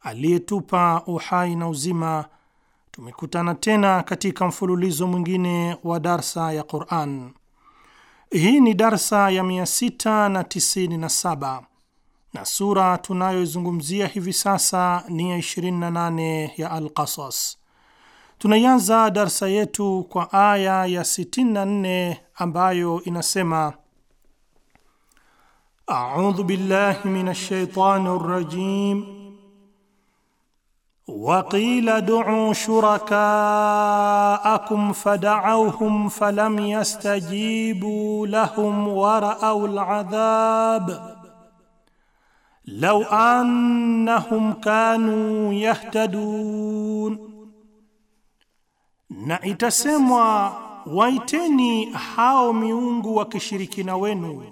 aliyetupa uhai na uzima, tumekutana tena katika mfululizo mwingine wa darsa ya Quran. Hii ni darsa ya 697 na na sura tunayoizungumzia hivi sasa ni ya 28 ya Al-Qasas. Tunaianza darsa yetu kwa aya ya 64 ambayo inasema: audhu billahi minash shaitani rrajim وقيل دعوا شركاءكم فدعوهم فلم يستجيبوا لهم ورأوا العذاب لو أنهم كانوا يهتدون na itasemwa waiteni hao miungu wa kishirikina wenu,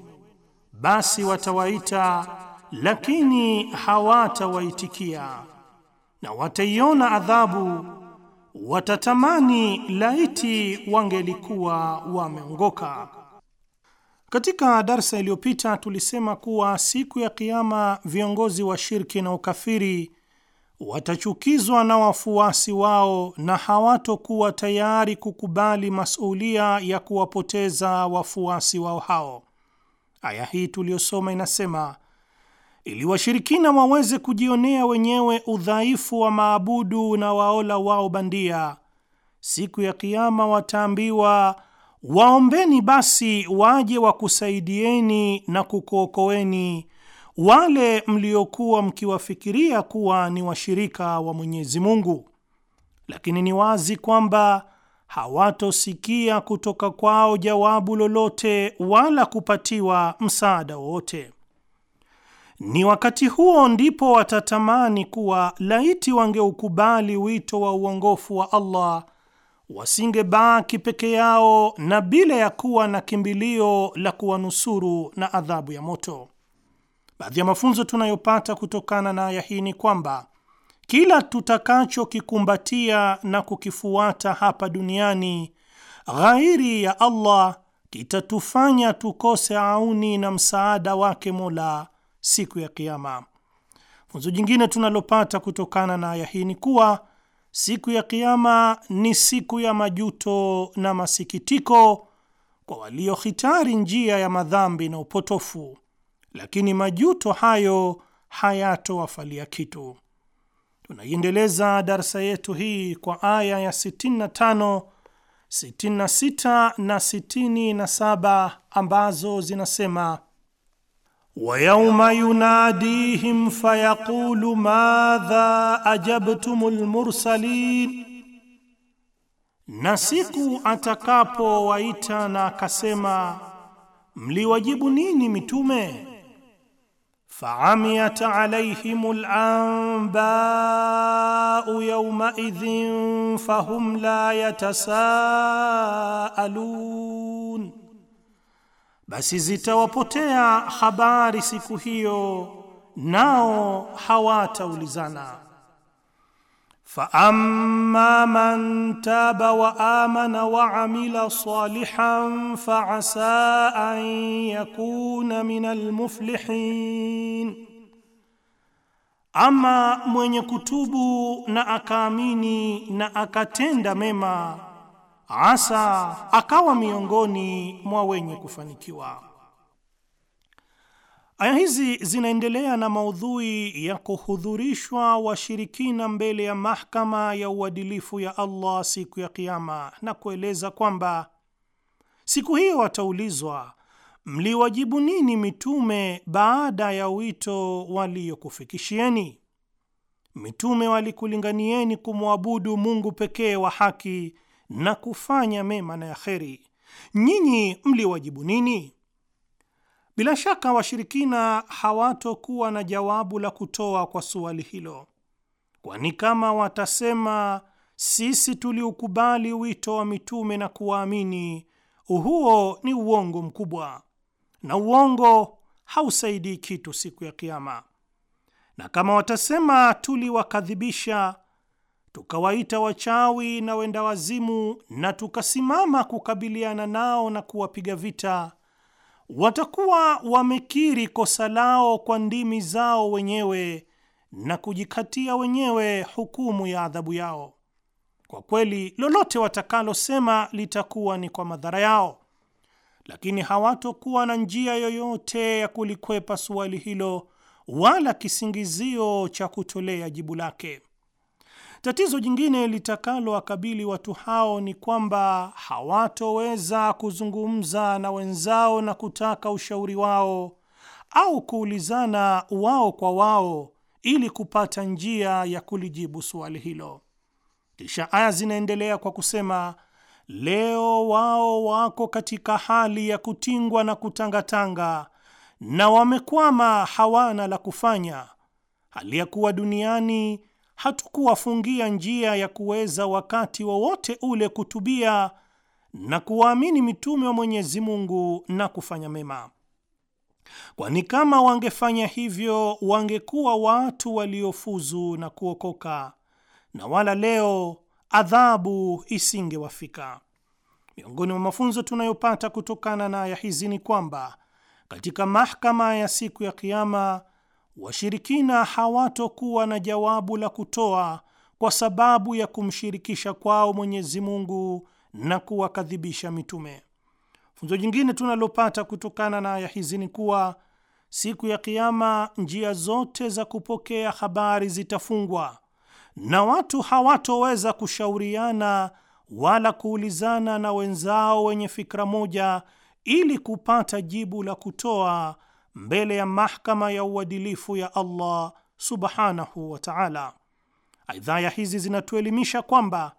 basi watawaita, lakini hawatawaitikia na wataiona adhabu, watatamani laiti wangelikuwa wameongoka. Katika darsa iliyopita tulisema kuwa siku ya kiama viongozi wa shirki na ukafiri watachukizwa na wafuasi wao na hawatokuwa tayari kukubali masulia ya kuwapoteza wafuasi wao hao. Aya hii tuliyosoma inasema ili washirikina waweze kujionea wenyewe udhaifu wa maabudu na waola wao bandia. Siku ya Kiama wataambiwa waombeni basi waje wakusaidieni na kukuokoeni wale mliokuwa mkiwafikiria kuwa ni washirika wa Mwenyezi Mungu, lakini ni wazi kwamba hawatosikia kutoka kwao jawabu lolote wala kupatiwa msaada wowote. Ni wakati huo ndipo watatamani kuwa laiti wangeukubali wito wa uongofu wa Allah wasingebaki peke yao na bila ya kuwa na kimbilio la kuwanusuru na adhabu ya moto. Baadhi ya mafunzo tunayopata kutokana na aya hii ni kwamba kila tutakachokikumbatia na kukifuata hapa duniani ghairi ya Allah kitatufanya tukose auni na msaada wake Mola siku ya Kiama. Funzo jingine tunalopata kutokana na aya hii ni kuwa siku ya Kiama ni siku ya majuto na masikitiko kwa waliohitari njia ya madhambi na upotofu, lakini majuto hayo hayatowafalia kitu. Tunaiendeleza darsa yetu hii kwa aya ya 65, 66 na 67 ambazo zinasema ويوم يناديهم فيقول ماذا أجبتم المرسلين na siku atakapowaita na akasema mliwajibu nini mitume? faamiyat alaihim lanbau yaumaidhin fahum la yatasaalun basi zitawapotea habari siku hiyo, nao hawataulizana. fa amma man taba wa amana wa amila salihan fa asa an yakuna min almuflihin, ama mwenye kutubu na akaamini na akatenda mema Asa akawa miongoni mwa wenye kufanikiwa. Aya hizi zinaendelea na maudhui ya kuhudhurishwa washirikina mbele ya mahakama ya uadilifu ya Allah siku ya kiama na kueleza kwamba siku hiyo wataulizwa, mliwajibu nini mitume baada ya wito waliokufikishieni? Mitume walikulinganieni kumwabudu Mungu pekee wa haki na kufanya mema na ya kheri, nyinyi mliwajibu nini? Bila shaka washirikina hawatokuwa na jawabu la kutoa kwa suali hilo, kwani kama watasema sisi tuliukubali wito wa mitume na kuwaamini, huo ni uongo mkubwa, na uongo hausaidii kitu siku ya Kiama. Na kama watasema tuliwakadhibisha tukawaita wachawi na wenda wazimu na tukasimama kukabiliana nao na kuwapiga vita, watakuwa wamekiri kosa lao kwa ndimi zao wenyewe na kujikatia wenyewe hukumu ya adhabu yao. Kwa kweli lolote watakalosema litakuwa ni kwa madhara yao, lakini hawatokuwa na njia yoyote ya kulikwepa suali hilo wala kisingizio cha kutolea jibu lake. Tatizo jingine litakalowakabili watu hao ni kwamba hawatoweza kuzungumza na wenzao na kutaka ushauri wao au kuulizana wao kwa wao ili kupata njia ya kulijibu suali hilo. Kisha aya zinaendelea kwa kusema, leo wao wako katika hali ya kutingwa na kutangatanga na wamekwama, hawana la kufanya, hali ya kuwa duniani hatukuwafungia njia ya kuweza wakati wowote wa ule kutubia na kuwaamini mitume wa Mwenyezi Mungu na kufanya mema, kwani kama wangefanya hivyo wangekuwa watu waliofuzu na kuokoka, na wala leo adhabu isingewafika. Miongoni mwa mafunzo tunayopata kutokana na aya hizi ni kwamba katika mahakama ya siku ya Kiama washirikina hawatokuwa na jawabu la kutoa kwa sababu ya kumshirikisha kwao Mwenyezi Mungu na kuwakadhibisha mitume. Funzo jingine tunalopata kutokana na aya hizi ni kuwa siku ya Kiama njia zote za kupokea habari zitafungwa na watu hawatoweza kushauriana wala kuulizana na wenzao wenye fikra moja ili kupata jibu la kutoa mbele ya mahkama ya uadilifu ya Allah subhanahu wa ta'ala. Aidha, hizi zinatuelimisha kwamba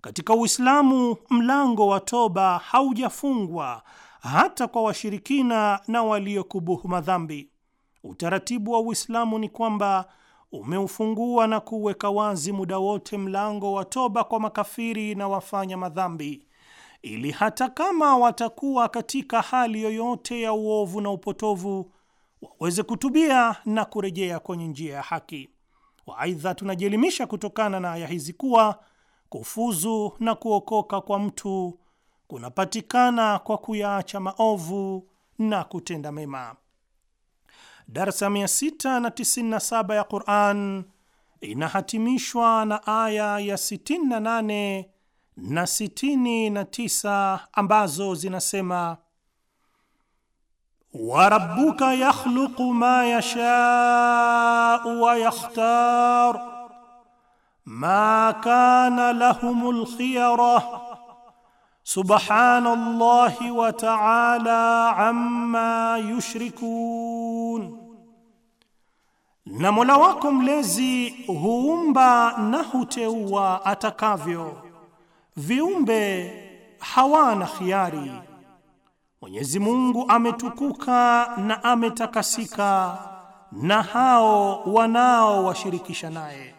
katika Uislamu mlango wa toba haujafungwa hata kwa washirikina na waliokubuhu madhambi. Utaratibu wa Uislamu ni kwamba umeufungua na kuuweka wazi muda wote mlango wa toba kwa makafiri na wafanya madhambi, ili hata kama watakuwa katika hali yoyote ya uovu na upotovu waweze kutubia na kurejea kwenye njia ya haki. Waaidha, tunajielimisha kutokana na aya hizi kuwa kufuzu na kuokoka kwa mtu kunapatikana kwa kuyaacha maovu na kutenda mema. Darsa 697 ya Quran inahatimishwa na aya ya 68 na 69 ambazo zinasema وربك يخلق ما يشاء ويختار ما كان لهم الخيره سبحان الله وتعالى عما يشركون na Mola wako mlezi huumba na huteua atakavyo, viumbe hawana khiari. Mwenyezi Mungu ametukuka na ametakasika na hao wanaowashirikisha naye.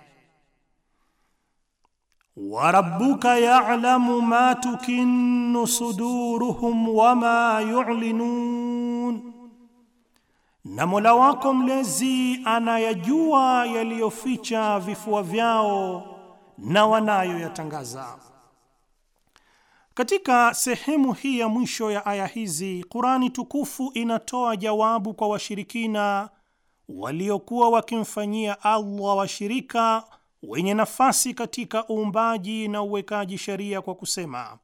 Wa rabbuka ya'lamu ma tukinnu suduruhum wa ma yu'linun, na Mola wako mlezi anayajua yaliyoficha vifua vyao na wanayoyatangaza. Katika sehemu hii ya mwisho ya aya hizi, Kurani tukufu inatoa jawabu kwa washirikina waliokuwa wakimfanyia Allah washirika wenye nafasi katika uumbaji na uwekaji sheria kwa kusema,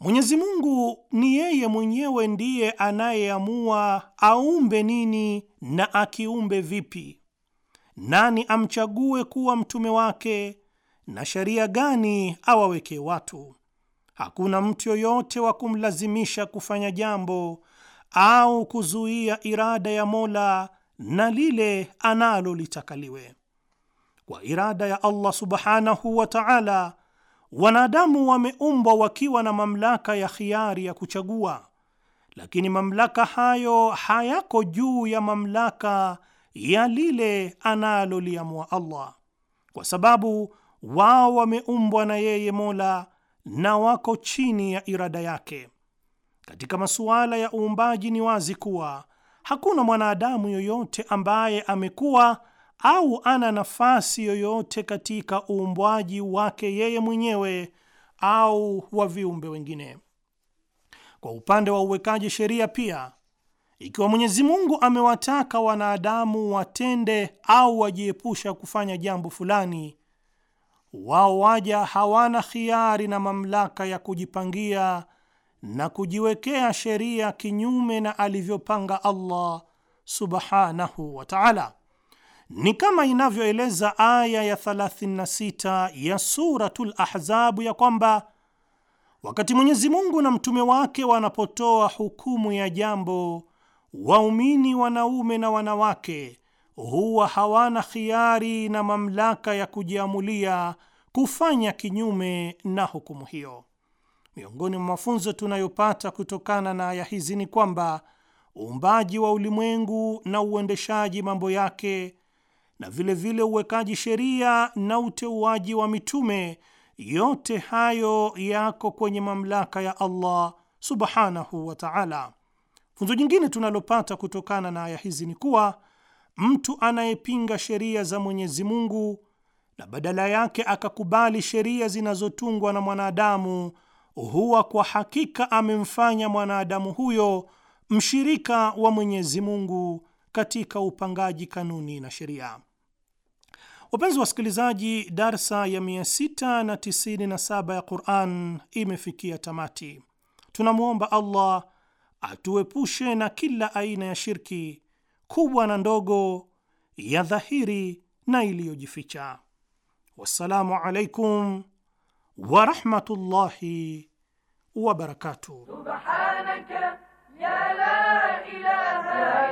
Mwenyezi Mungu ni yeye mwenyewe ndiye anayeamua aumbe nini na akiumbe vipi, nani amchague kuwa mtume wake na sheria gani awawekee watu hakuna mtu yoyote wa kumlazimisha kufanya jambo au kuzuia irada ya Mola na lile analolitakaliwe Kwa irada ya Allah subhanahu wa ta'ala, wanadamu wameumbwa wakiwa na mamlaka ya khiari ya kuchagua, lakini mamlaka hayo hayako juu ya mamlaka ya lile analoliamua Allah, kwa sababu wao wameumbwa na yeye Mola na wako chini ya irada yake. Katika masuala ya uumbaji ni wazi kuwa hakuna mwanadamu yoyote ambaye amekuwa au ana nafasi yoyote katika uumbwaji wake yeye mwenyewe au wa viumbe wengine. Kwa upande wa uwekaji sheria pia, ikiwa Mwenyezi Mungu amewataka wanadamu watende au wajiepusha kufanya jambo fulani, wao waja hawana khiari na mamlaka ya kujipangia na kujiwekea sheria kinyume na alivyopanga Allah subhanahu wa ta'ala. Ni kama inavyoeleza aya ya 36 ya Suratul Ahzabu ya kwamba wakati Mwenyezi Mungu na mtume wake wanapotoa hukumu ya jambo, waumini wanaume na wanawake huwa hawana khiari na mamlaka ya kujiamulia kufanya kinyume na hukumu hiyo. Miongoni mwa mafunzo tunayopata kutokana na aya hizi ni kwamba uumbaji wa ulimwengu na uendeshaji mambo yake na vilevile uwekaji sheria na uteuaji wa mitume, yote hayo yako kwenye mamlaka ya Allah subhanahu wa ta'ala. Funzo jingine tunalopata kutokana na aya hizi ni kuwa mtu anayepinga sheria za Mwenyezi Mungu na badala yake akakubali sheria zinazotungwa na mwanadamu, huwa kwa hakika amemfanya mwanadamu huyo mshirika wa Mwenyezi Mungu katika upangaji kanuni na sheria. Wapenzi wasikilizaji, darsa ya 697 ya Quran imefikia tamati. Tunamwomba Allah atuepushe na kila aina ya shirki kubwa na ndogo, ya dhahiri na iliyojificha. Wassalamu alaikum wa rahmatullahi wa barakatuh. Subhanaka ya la ilaha